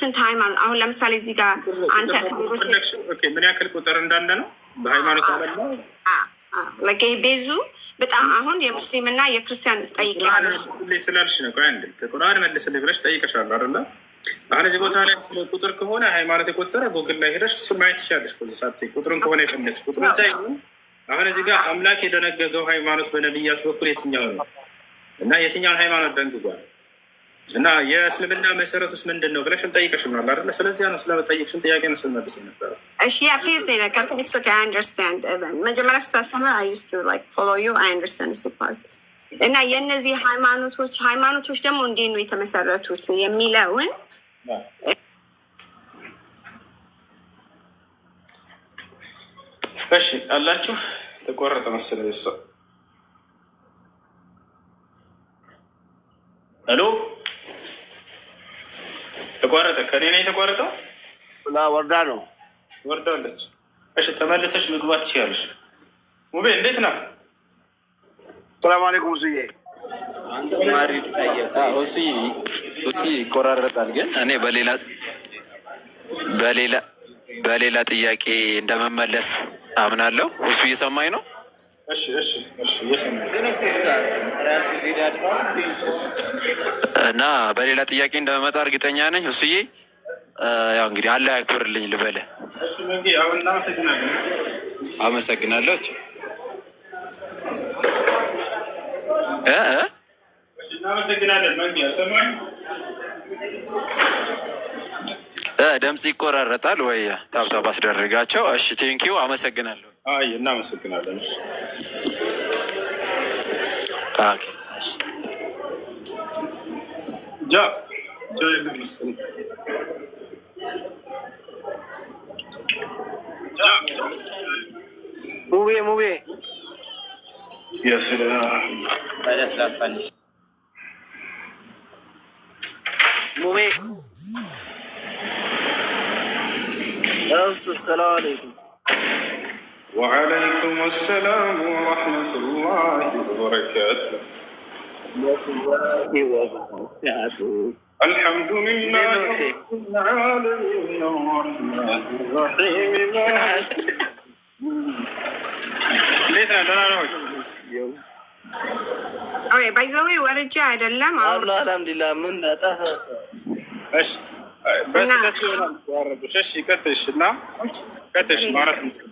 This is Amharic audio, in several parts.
ስንት ሃይማኖት አሁን ለምሳሌ እዚህ ጋር አንተ ምን ያክል ቁጥር እንዳለ ነው በሃይማኖት ለቄ ቤዙ በጣም አሁን የሙስሊምና የክርስቲያን ጠይቅ ስላልሽ ነው። አንድ ከቁርአን መልስልኝ ብለሽ ጠይቀሻል አለ። አሁን እዚህ ቦታ ላይ ቁጥር ከሆነ ሃይማኖት የቆጠረ ጎግል ላይ ሄደሽ እሱ ማየት ትችላለሽ። በዚህ ሰዓት ቁጥሩን ከሆነ የፈለግሽ ቁጥሩን ሳይሆን አሁን እዚህ ጋር አምላክ የደነገገው ሃይማኖት በነቢያት በኩል የትኛው ነው እና የትኛውን ሃይማኖት ደንግጓል? እና የእስልምና መሰረት ውስጥ ምንድን ነው ብለሽም ጠይቀሽም ነበር አይደለ? ስለዚያ ነው ስለጠይቅሽን ጥያቄ ነው ስመልስ ነበረ። እሺ እና የእነዚህ ሃይማኖቶች ሃይማኖቶች ደግሞ እንዴት ነው የተመሰረቱት የሚለውን እሺ አላችሁ ተቆረጠ መሰለኝ ስ ሄሎ ተቋረጠ። ከኔ ነው የተቋረጠው። ላ ወርዳ ነው ወርዳለች። እሺ ተመልሰሽ ምግባት ትችላለሽ። ሙቤ እንዴት ነው? ሰላም አለይኩም ሱዬ ይቆራረጣል። ግን እኔ በሌላ በሌላ በሌላ ጥያቄ እንደመመለስ አምናለሁ። እሱ እየሰማኝ ነው እና በሌላ ጥያቄ እንደመጣ እርግጠኛ ነኝ። ሁስዬ ያው እንግዲህ አለ ያክብርልኝ ልበለ አመሰግናለች። ድምፅ ይቆራረጣል ወይ ታብታብ አስደርጋቸው። እሺ ቴንኪው አመሰግናለሁ። አይ እናመሰግናለን። ጃ ሙቤ ሙቤ ለስላሳ ሙቤ ሰላም አለይኩም وعليكم السلام ورحمة الله وبركاته الحمد لله رب العالمين الرحمن الرحيم ليتنا ደህና ነው ወይ ባይዘዌ ወርጃ አይደለም አሁን አልሐምዱሊላህ ምን ጠፋ እሺ በስተት ይሆናል ያረዱሽ እሺ ቀጥሽ እና ቀጥሽ ማለት ነው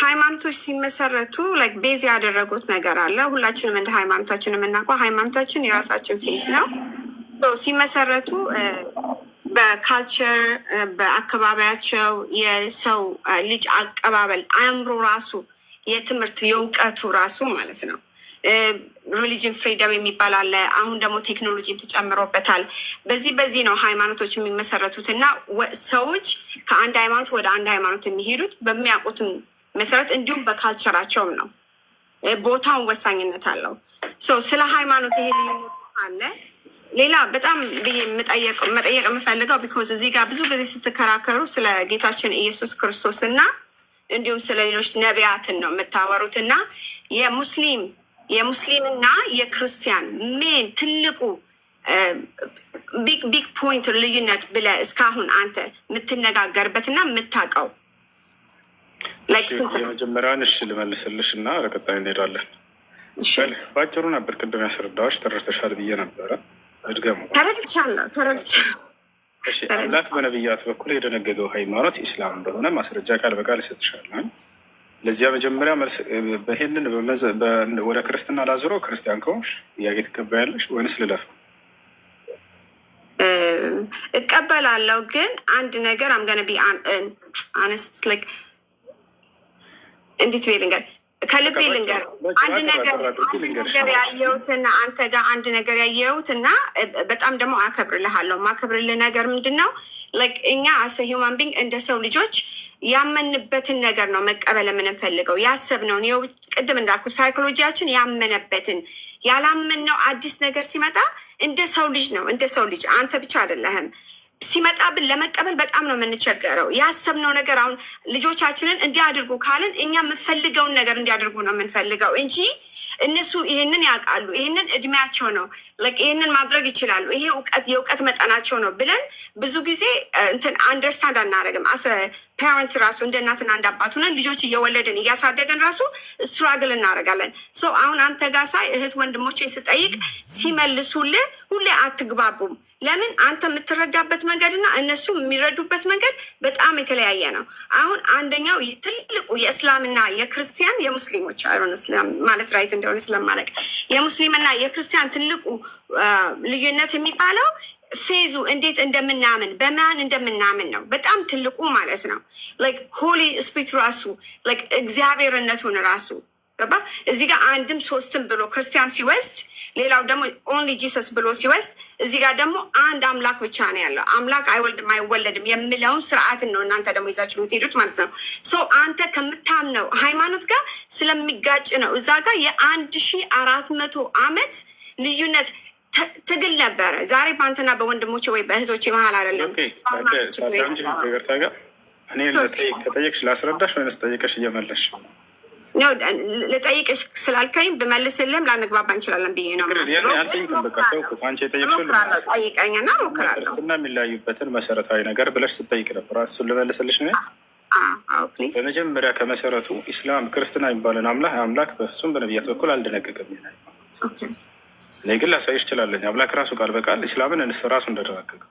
ሃይማኖቶች ሲመሰረቱ ላይክ ቤዝ ያደረጉት ነገር አለ። ሁላችንም እንደ ሃይማኖታችን የምናውቀው ሃይማኖታችን የራሳችን ፌስ ነው። ሲመሰረቱ በካልቸር በአካባቢያቸው የሰው ልጅ አቀባበል አእምሮ ራሱ የትምህርት የእውቀቱ ራሱ ማለት ነው ሪሊጅን ፍሪደም የሚባል አለ። አሁን ደግሞ ቴክኖሎጂም ተጨምሮበታል። በዚህ በዚህ ነው ሃይማኖቶች የሚመሰረቱት እና ሰዎች ከአንድ ሃይማኖት ወደ አንድ ሃይማኖት የሚሄዱት በሚያውቁትም መሰረት እንዲሁም በካልቸራቸውም ነው። ቦታውን ወሳኝነት አለው። ስለ ሃይማኖት ይሄ አለ። ሌላ በጣም መጠየቅ የምፈልገው ቢኮዝ እዚህ ጋር ብዙ ጊዜ ስትከራከሩ ስለ ጌታችን ኢየሱስ ክርስቶስ እና እንዲሁም ስለ ሌሎች ነቢያትን ነው የምታወሩት እና የሙስሊም የሙስሊምና የክርስቲያን ሜን ትልቁ ቢግ ቢግ ፖይንት ልዩነት ብለ እስካሁን አንተ የምትነጋገርበት እና የምታውቀው የመጀመሪያውን እሺ ልመልስልሽ እና ለቀጣይ እንሄዳለን። በአጭሩ ነበር ቅድም ያስረዳዎች ተረድተሻል ብዬ ነበረ። እድገሙ ተረድቻለሁ ተረድቻለሁ። አምላክ በነቢያት በኩል የደነገገው ሃይማኖት ኢስላም እንደሆነ ማስረጃ ቃል በቃል ይሰጥሻለሁ። ለዚያ መጀመሪያ መልስ ይሄንን ወደ ክርስትና ላዝሮ ክርስቲያን ከሆንሽ ጥያቄ ትቀበያለሽ ወይንስ ልለፍ? እቀበላለሁ፣ ግን አንድ ነገር አምገነቢ አነስት እንዴት ቤል ከልቤ ልንገር አንድ ነገር ነገር ያየሁትና አንተ ጋር አንድ ነገር ያየሁትና በጣም ደግሞ አከብርልሃለሁ። ማከብርልህ ነገር ምንድን ነው? እኛ አሰ ሂውማን ቢንግ እንደ ሰው ልጆች ያመንበትን ነገር ነው መቀበል የምንፈልገው፣ ያሰብነውን ይኸው ቅድም እንዳልኩ ሳይኮሎጂያችን ያመነበትን ያላመንነው አዲስ ነገር ሲመጣ እንደ ሰው ልጅ ነው እንደ ሰው ልጅ አንተ ብቻ አይደለህም ሲመጣብን ለመቀበል በጣም ነው የምንቸገረው። ያሰብነው ነገር አሁን ልጆቻችንን እንዲያድርጉ ካልን እኛ የምፈልገውን ነገር እንዲያደርጉ ነው የምንፈልገው እንጂ እነሱ ይህንን ያውቃሉ፣ ይህንን እድሜያቸው ነው፣ ይህንን ማድረግ ይችላሉ፣ ይሄ የእውቀት መጠናቸው ነው ብለን ብዙ ጊዜ እንትን አንደርስታንድ አናደርግም ፓረንት ራሱ እንደ እናትና እንደ አባት ሆነን ልጆች እየወለድን እያሳደገን ራሱ ስትራግል እናደርጋለን። ሰው አሁን አንተ ጋር ሳይ እህት ወንድሞቼ ስጠይቅ ሲመልሱልህ ሁሌ አትግባቡም። ለምን አንተ የምትረዳበት መንገድና እነሱ የሚረዱበት መንገድ በጣም የተለያየ ነው። አሁን አንደኛው ትልቁ የእስላምና የክርስቲያን የሙስሊሞች አይሮን እስላም ማለት ራይት እንደሆነ ስለማለቅ የሙስሊምና የክርስቲያን ትልቁ ልዩነት የሚባለው ፌዙ እንዴት እንደምናምን በማን እንደምናምን ነው። በጣም ትልቁ ማለት ነው ላይክ ሆሊ ስፒሪት ራሱ ላይክ እግዚአብሔርነቱን ራሱ ገባ እዚህ ጋር አንድም ሶስትም ብሎ ክርስቲያን ሲወስድ፣ ሌላው ደግሞ ኦንሊ ጂሰስ ብሎ ሲወስድ፣ እዚህ ጋር ደግሞ አንድ አምላክ ብቻ ነው ያለው። አምላክ አይወልድም አይወለድም የሚለውን ስርዓትን ነው እናንተ ደግሞ ይዛችሁ የምትሄዱት ማለት ነው። አንተ ከምታምነው ሃይማኖት ጋር ስለሚጋጭ ነው። እዛ ጋር የአንድ ሺህ አራት መቶ አመት ልዩነት ትግል ነበረ። ዛሬ በአንተና በወንድሞች ወይ በእህቶች መሀል አይደለም። እኔ ከጠየቅሽ ላስረዳሽ ወይ ጠየቀሽ እየመለሽ ልጠይቅሽ ስላልከኝ ብመልስልህም ላንግባባ እንችላለን ብዬ ነው። ጠይቀኝና ክርስትና የሚለያዩበትን መሰረታዊ ነገር ብለሽ ስጠይቅ ነበር። እሱን ልመልስልሽ ነው። በመጀመሪያ ከመሰረቱ ኢስላም ክርስትና የሚባለን አምላክ አምላክ በፍጹም በነቢያት በኩል አልደነገገም። እኔ ግን ላሳይ ይችላለኝ። አምላክ ራሱ ቃል በቃል እስላምን ራሱ እንደደረገገ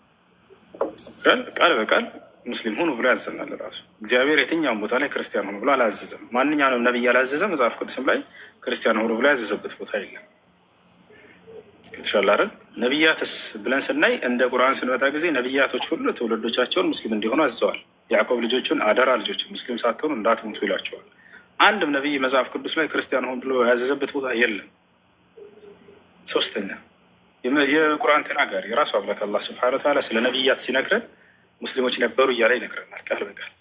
ቃል በቃል ሙስሊም ሁኑ ብሎ ያዘናል። ራሱ እግዚአብሔር የትኛውም ቦታ ላይ ክርስቲያን ሆኑ ብሎ አላዘዘም። ማንኛውንም ነብይ አላዘዘ። መጽሐፍ ቅዱስም ላይ ክርስቲያን ሆኑ ብሎ ያዘዘበት ቦታ የለም። ይችላል ነቢያትስ ብለን ስናይ እንደ ቁርአን ስንመጣ ጊዜ ነቢያቶች ሁሉ ትውልዶቻቸውን ሙስሊም እንዲሆኑ አዘዋል። ያዕቆብ ልጆቹን አደራ ልጆች ሙስሊም ሳትሆኑ እንዳትሞቱ ይላቸዋል። አንድም ነቢይ መጽሐፍ ቅዱስ ላይ ክርስቲያን ሆን ብሎ ያዘዘበት ቦታ የለም። ሶስተኛ የቁርአን ተናጋሪ የራሱ አምላክ አላህ ስብሐነ ወተዓላ ስለ ነቢያት ሲነግረን ሙስሊሞች ነበሩ እያለ ይነግረናል ቃል በቃል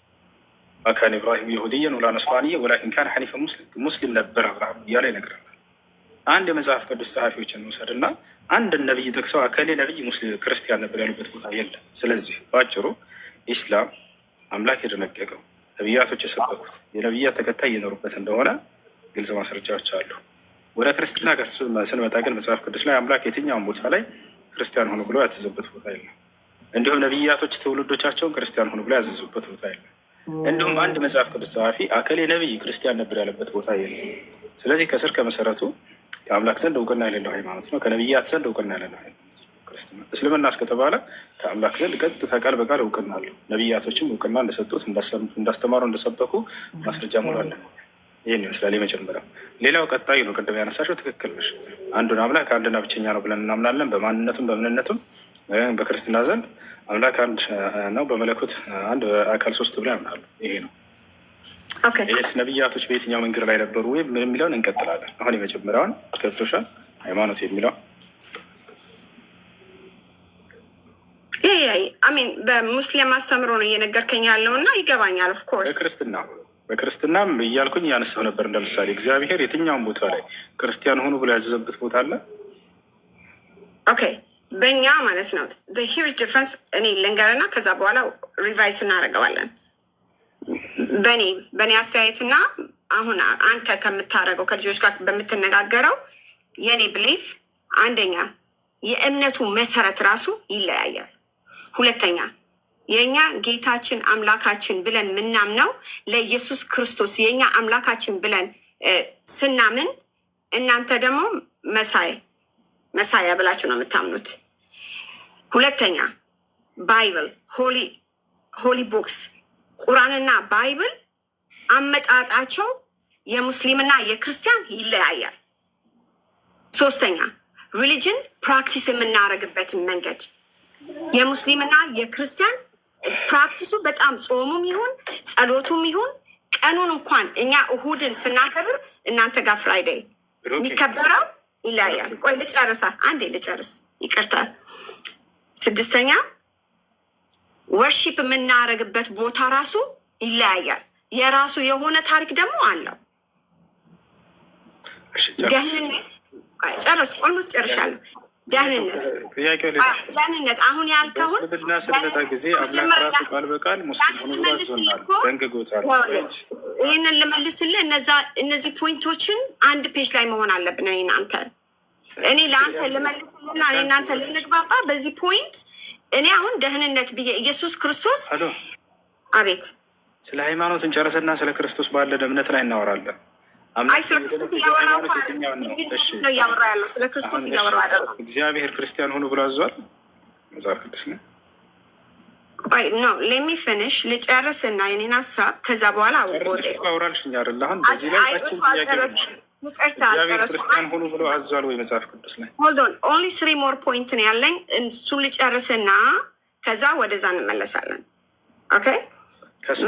አካን ኢብራሂም የሁድየን ወላ ነስራንየ ወላኪን ካን ሐኒፈ ሙስሊም ነበር አብርሃም እያለ ይነግረናል። አንድ የመጽሐፍ ቅዱስ እንውሰድ እና አንድን ነቢይ ጠቅሰው አከሌ ነቢይ ሙስሊም ክርስቲያን ነበር ያሉበት ቦታ የለም። ስለዚህ በአጭሩ ኢስላም አምላክ የደነገገው ነቢያቶች የሰበኩት የነቢያት ተከታይ እየኖሩበት እንደሆነ ግልጽ ማስረጃዎች አሉ። ወደ ክርስትና ጋር ስንመጣ ግን መጽሐፍ ቅዱስ ላይ አምላክ የትኛውን ቦታ ላይ ክርስቲያን ሁኑ ብሎ ያዘዘበት ቦታ የለም። እንዲሁም ነቢያቶች ትውልዶቻቸውን ክርስቲያን ሁኑ ብሎ ያዘዙበት ቦታ የለም። እንዲሁም አንድ መጽሐፍ ቅዱስ ጸሐፊ አከሌ ነቢይ ክርስቲያን ነበር ያለበት ቦታ የለም። ስለዚህ ከስር ከመሰረቱ ከአምላክ ዘንድ እውቅና የሌለው ሃይማኖት ነው። ከነቢያት ዘንድ እውቅና የሌለው ሃይማኖት ነው ክርስትና። እስልምና እስከተባለ ከአምላክ ዘንድ ቀጥታ ቃል በቃል እውቅና አለው። ነቢያቶችም እውቅና እንደሰጡት እንዳስተማሩ፣ እንደሰበኩ ማስረጃ ሞላለን። ይህን ይመስላል የመጀመሪያው። ሌላው ቀጣዩ ነው። ቅድም ያነሳቸው ትክክል ነሽ። አንዱን አምላክ አንድና ብቸኛ ነው ብለን እናምናለን። በማንነቱም በምንነቱም በክርስትና ዘንድ አምላክ አንድ ነው፣ በመለኮት አንድ፣ በአካል ሶስት ብለን ያምናሉ። ይሄ ነው። ይህስ ነቢያቶች በየትኛው መንገድ ላይ ነበሩ ወይም የሚለውን እንቀጥላለን። አሁን የመጀመሪያውን ገብቶሻል። ሃይማኖት የሚለው ሚን በሙስሊም አስተምሮ ነው እየነገርከኝ ያለው እና ይገባኛል። ኦፍኮርስ ክርስትና በክርስትናም እያልኩኝ ያነሳው ነበር እንደምሳሌ እግዚአብሔር የትኛውን ቦታ ላይ ክርስቲያን ሆኑ ብሎ ያዘዘበት ቦታ አለ። ኦኬ በእኛ ማለት ነው ሂውጅ ዲፍረንስ። እኔ ልንገርና ከዛ በኋላ ሪቫይስ እናደርገዋለን። በእኔ በእኔ አስተያየትና አሁን አንተ ከምታደርገው ከልጆች ጋር በምትነጋገረው የእኔ ብሊፍ አንደኛ የእምነቱ መሰረት ራሱ ይለያያል። ሁለተኛ የኛ ጌታችን አምላካችን ብለን ምናምነው ለኢየሱስ ክርስቶስ የኛ አምላካችን ብለን ስናምን እናንተ ደግሞ መሳይ መሳያ ብላችሁ ነው የምታምኑት። ሁለተኛ ባይብል ሆሊ ቦክስ ቁራንና ባይብል አመጣጣቸው የሙስሊምና የክርስቲያን ይለያያል። ሶስተኛ ሪሊጅን ፕራክቲስ የምናደርግበትን መንገድ የሙስሊምና የክርስቲያን ፕራክቲሱ በጣም ጾሙም ይሁን ጸሎቱም ይሁን ቀኑን እንኳን እኛ እሁድን ስናከብር እናንተ ጋር ፍራይዴይ የሚከበረው ይለያል። ቆይ ልጨርሳ፣ አንዴ ልጨርስ፣ ይቅርታል። ስድስተኛ ወርሺፕ የምናደርግበት ቦታ ራሱ ይለያያል። የራሱ የሆነ ታሪክ ደግሞ አለው። ደህንነት ጨርስ፣ ኦልሞስት ጨርሻለሁ። ደህንነት ደህንነት አሁን ያልከውን ስልምና ጊዜ አምላክ ቃል በቃል ይህንን ልመልስልህ። እነዚህ ፖይንቶችን አንድ ፔጅ ላይ መሆን አለብን። እኔ እናንተ እኔ ለአንተ ልመልስልና እኔ እናንተ ልንግባባ በዚህ ፖይንት እኔ አሁን ደህንነት ብዬ ኢየሱስ ክርስቶስ አቤት ስለ ሃይማኖት እንጨርስና ስለ ክርስቶስ ባለን እምነት ላይ እናወራለን። አይ ነው እግዚአብሔር ክርስቲያን ሆኖ ብሎ አዟል መጽሐፍ ቅዱስ ነው። ቆይ ኖ ሌሚ ፊኒሽ ልጨርስ የኔን ሀሳብ ከዛ በኋላ አውራልሽኝ አይደል? አሁን በዚህ ሆኖ ብሎ አዟል ወይ መጽሐፍ ቅዱስ ላይ? ሆልድ ኦን ኦንሊ ስሪ ሞር ፖይንት ነው ያለኝ። ልጨርስና ከዛ ወደዛ እንመለሳለን። ኦኬ ከሱ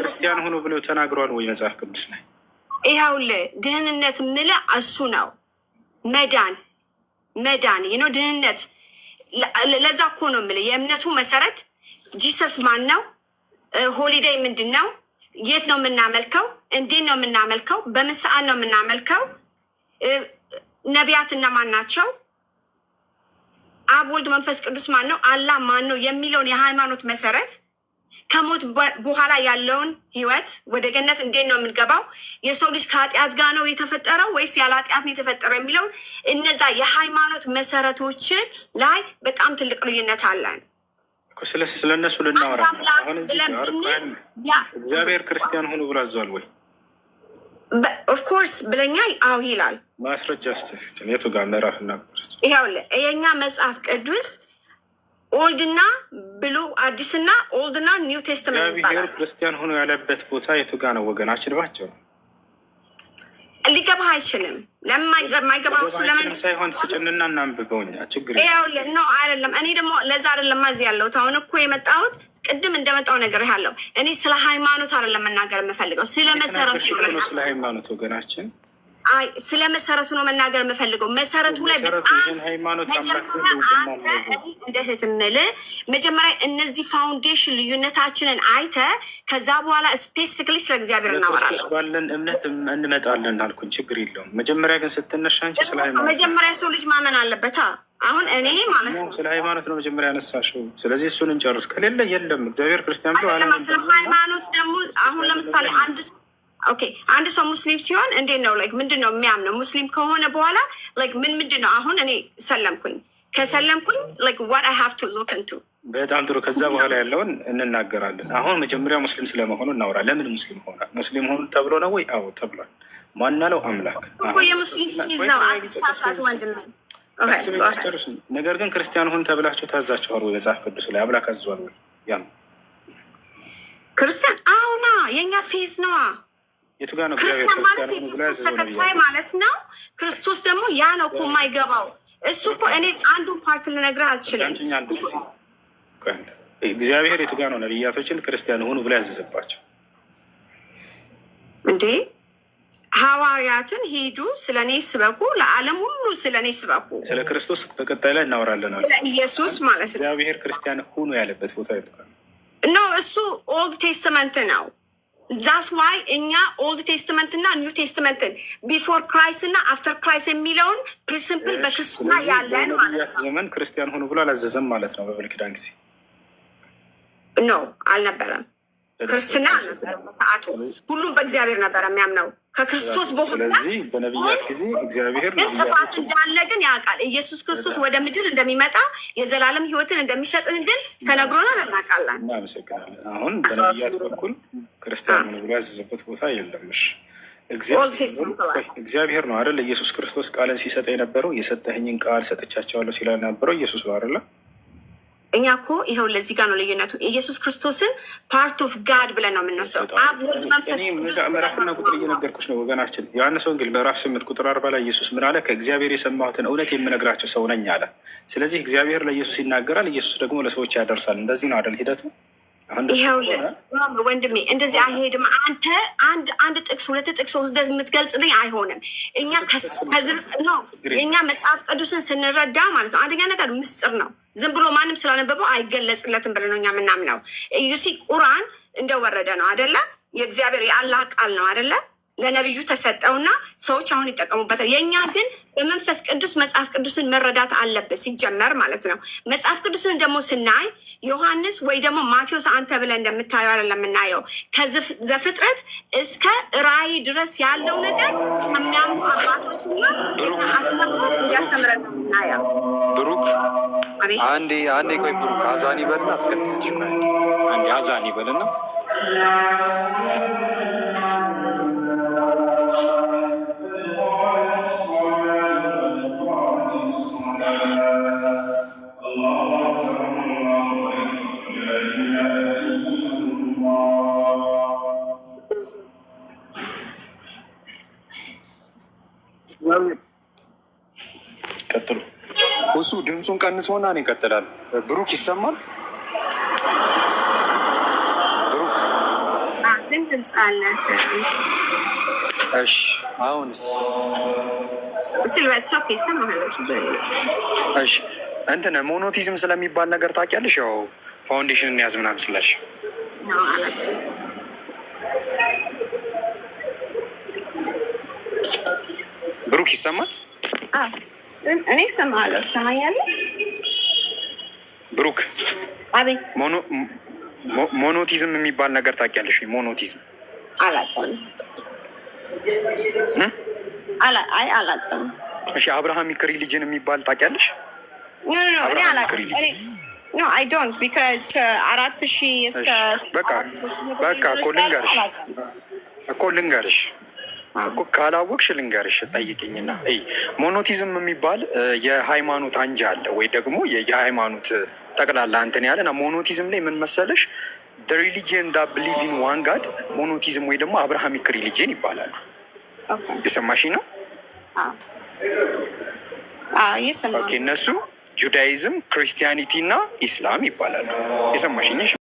ክርስቲያን ሆኖ ብሎ ተናግሯል ወይ መጽሐፍ ቅዱስ ላይ? ይኸውልህ ድህንነት የምልህ እሱ ነው መዳን መዳን ነው ድህንነት። ለዛ እኮ ነው የምልህ የእምነቱ መሰረት ጂሰስ ማን ነው? ሆሊዴይ ምንድን ነው? የት ነው የምናመልከው? እንዴት ነው የምናመልከው? በምን ሰዓት ነው የምናመልከው? ነቢያት እነማን ናቸው? አብ ወልድ መንፈስ ቅዱስ ማን ነው፣ አላ ማን ነው የሚለውን የሃይማኖት መሰረት ከሞት በኋላ ያለውን ህይወት ወደ ገነት እንዴት ነው የምንገባው? የሰው ልጅ ከኃጢአት ጋር ነው የተፈጠረው ወይስ ያለ ኃጢአት ነው የተፈጠረው የሚለውን እነዛ የሃይማኖት መሰረቶች ላይ በጣም ትልቅ ልዩነት አለን። ስለነሱ እነሱ ልናወራ እግዚአብሔር ክርስቲያን ሆኑ ብሎ አዟል ወይ? ኦፍኮርስ ብለኛ አዎ ይላል ማስረጃ ስችል የቱ ጋር ምዕራፍ እና ይኸውልህ የእኛ መጽሐፍ ቅዱስ ኦልድና ብሉ አዲስና ኦልድና ኒው ቴስትመንት ይባላል። ክርስቲያን ሆኖ ያለበት ቦታ የቱ ጋ ነው ወገን? አችልባቸው ሊገባህ አይችልም። ለማይገባ እሱ ለምን ሳይሆን ስጭንና እናንብበውኛ ችግር ይኸውልህ ነው አይደለም። እኔ ደግሞ ለዛ አይደለም እዚህ ያለሁት አሁን እኮ የመጣሁት ቅድም እንደመጣው ነገር ያለው እኔ ስለ ሃይማኖት አይደለም መናገር የምፈልገው ስለ መሰረቱ ስለ ሃይማኖት ወገናችን አይ ስለ መሰረቱ ነው መናገር የምፈልገው። መሰረቱ ላይ እንደ እህት የምልህ መጀመሪያ እነዚህ ፋውንዴሽን ልዩነታችንን አይተ ከዛ በኋላ ስፔሲፊክሊ ስለ እግዚአብሔር እናወራለን። ባለን እምነት እንመጣለን አልኩኝ። ችግር የለውም። መጀመሪያ ግን ስትነሻ አንቺ ስለ መጀመሪያ ሰው ልጅ ማመን አለበት። አሁን እኔ ማለት ነው ስለ ሃይማኖት ነው መጀመሪያ ያነሳሽው። ስለዚህ እሱን እንጨርስ። ከሌለ የለም እግዚአብሔር ክርስቲያን ስለ ሃይማኖት ደግሞ አሁን ለምሳሌ አንድ ሰው ኦኬ አንድ ሰው ሙስሊም ሲሆን እንዴት ነው ላይክ ምንድን ነው የሚያምነው? ሙስሊም ከሆነ በኋላ ላይክ ምን ምንድን ነው አሁን እኔ ሰለምኩኝ ከሰለምኩኝ ላይክ ዋት አይ ሃቭ ቱ ሉክ እንቱ በጣም ጥሩ። ከዛ በኋላ ያለውን እንናገራለን። አሁን መጀመሪያ ሙስሊም ስለመሆኑ እናውራ። ለምን ሙስሊም ሆነ? ሙስሊም ሆኑ ተብሎ ነው ወይ? አዎ ተብሏል። ማና ነው አምላክ ነገር ግን ክርስቲያን ሁን ተብላችሁ ታዛችኋል ወይ? መጽሐፍ ቅዱስ ላይ አምላክ አዟል ወይ? ያ ክርስቲያን አሁና የእኛ ፌዝ ነዋ የቱ ጋር ነው ክርስቲያን ማለት? የክርስቶስ ተከታይ ማለት ነው። ክርስቶስ ደግሞ ያ ነው እኮ የማይገባው። እሱ እኮ እኔ አንዱን ፓርት ልነግር አልችልም። እግዚአብሔር የቱ ጋር ነው ነቢያቶችን ክርስቲያን ሆኑ ብላ ያዘዘባቸው እንዴ? ሐዋርያትን ሂዱ ስለ እኔ ስበኩ፣ ለዓለም ሁሉ ስለ እኔ ስበኩ። ስለ ክርስቶስ በቀጣይ ላይ እናወራለን። ኢየሱስ ማለት ነው እግዚአብሔር ክርስቲያን ሁኑ ያለበት ቦታ ነው? እሱ ኦልድ ቴስተመንት ነው። ዛስ ዋይ እኛ ኦልድ ቴስትመንት እና ኒው ቴስትመንትን ቢፎር ክራይስት እና አፍተር ክራይስት የሚለውን ፕሪንስፕል በክርስትና ያለን ማለት ነው። ዘመን ክርስቲያን ሆኑ ብሎ አላዘዘም ማለት ነው። በብሉይ ኪዳን ጊዜ አልነበረም። ክርስትና አልነበረ በሰዓቱ ሁሉም በእግዚአብሔር ነበረ የሚያምነው። ከክርስቶስ በኋላ በነቢያት ጥፋት እንዳለ ግን ያውቃል። ኢየሱስ ክርስቶስ ወደ ምድር እንደሚመጣ የዘላለም ሕይወትን እንደሚሰጥህ ግን ተነግሮናል፣ እናውቃለን። እናመሰግናለን። አሁን በነቢያት በኩል ክርስቲያን ብሎ ያዘዘበት ቦታ የለምሽ። እግዚአብሔር ነው አይደል? ኢየሱስ ክርስቶስ ቃልን ሲሰጥ የነበረው የሰጠህኝን ቃል ሰጥቻቸዋለሁ ሲላ ነበረው ኢየሱስ ነው አይደለም? እኛ ኮ ይኸው ለዚህ ጋር ነው ልዩነቱ። ኢየሱስ ክርስቶስን ፓርት ኦፍ ጋድ ብለን ነው የምንወስደው። አብ ወልድ፣ መንፈስ ምዕራፍና ቁጥር እየነገርኩች ነው ወገናችን። ዮሐንስ ወንጌል ምዕራፍ ስምንት ቁጥር አርባ ላይ ኢየሱስ ምን አለ? ከእግዚአብሔር የሰማሁትን እውነት የምነግራቸው ሰው ነኝ አለ። ስለዚህ እግዚአብሔር ለኢየሱስ ይናገራል፣ ኢየሱስ ደግሞ ለሰዎች ያደርሳል። እንደዚህ ነው አደል ሂደቱ። ወንድሜ እንደዚህ አይሄድም። አንተ አንድ አንድ ጥቅስ ሁለት ጥቅስ ወስደህ የምትገልጽልኝ አይሆንም። እኛ መጽሐፍ ቅዱስን ስንረዳ ማለት ነው። አንደኛ ነገር ምስጢር ነው። ዝም ብሎ ማንም ስላነበበው አይገለጽለትም ብለን ነው እኛ የምናምነው። ዩሲ ቁርአን እንደወረደ ነው አደለ? የእግዚአብሔር የአላህ ቃል ነው አደለም? ለነቢዩ ተሰጠውና ሰዎች አሁን ይጠቀሙበታል። የእኛ ግን በመንፈስ ቅዱስ መጽሐፍ ቅዱስን መረዳት አለበት ሲጀመር ማለት ነው። መጽሐፍ ቅዱስን ደግሞ ስናይ ዮሐንስ ወይ ደግሞ ማቴዎስ አንተ ብለን እንደምታየው አይደለም የምናየው። ከዘፍጥረት እስከ ራእይ ድረስ ያለው ነገር የሚያምኑ አባቶች አስመጡ እንዲያስተምረ ናየው። ብሩክ አንዴ አንዴ ቆይ ብሩክ አዛን ይበልና አስከታያች አንዴ አዛን ይበልና ቀጥሉ። እሱ ድምፁን ቀንሶና ይቀጥላል። ብሩክ ይሰማል። ብሩክ ግን ድምፅ አለ። እሺ፣ አሁንስ እንትን ሞኖቲዝም ስለሚባል ነገር ታውቂያለሽ? ያው ፋውንዴሽን እንያዝ ምናምን ስላልሽ ብሩክ ይሰማል። እኔ ብሩክ? አቤት። ሞኖቲዝም የሚባል ነገር ታውቂያለሽ? ሞኖቲዝም አላውቅም። አይ አላውቅም። እሺ አብርሃሚክ ሪሊጅን የሚባል ታውቂያለሽ? እኔ አይ ዶንት ቢካዝ ከአራት እስከ በቃ በቃ እኮ ልንገርሽ እኮ ልንገርሽ እኮ ካላወቅሽ ልንገርሽ ጠይቅኝና ሞኖቲዝም የሚባል የሃይማኖት አንጃ አለ ወይ ደግሞ የሃይማኖት ጠቅላላ እንትን እና ሞኖቲዝም ላይ ምን መሰለሽ ሪሊጂን ዳ ብሊቭ ኢን ዋን ጋድ ሞኖቲዝም ወይ ደግሞ አብርሃሚክ ሪሊጅን ይባላሉ። የሰማሽ ነው እነሱ ጁዳይዝም ክርስቲያኒቲ እና ኢስላም ይባላሉ። የሰማሽኝ?